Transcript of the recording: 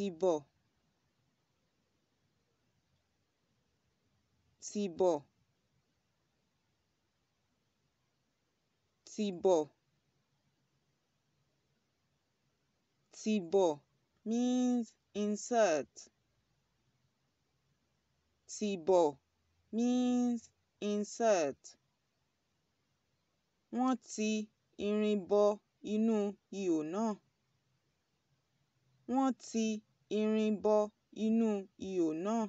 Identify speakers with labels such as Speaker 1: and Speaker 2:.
Speaker 1: tibọ̀ tibọ̀ tibọ̀ tibọ̀ means insert tibọ̀ means insert wọ́n ti irin bọ inú ihò náà wọ́n ti irin bọ inú ihò náà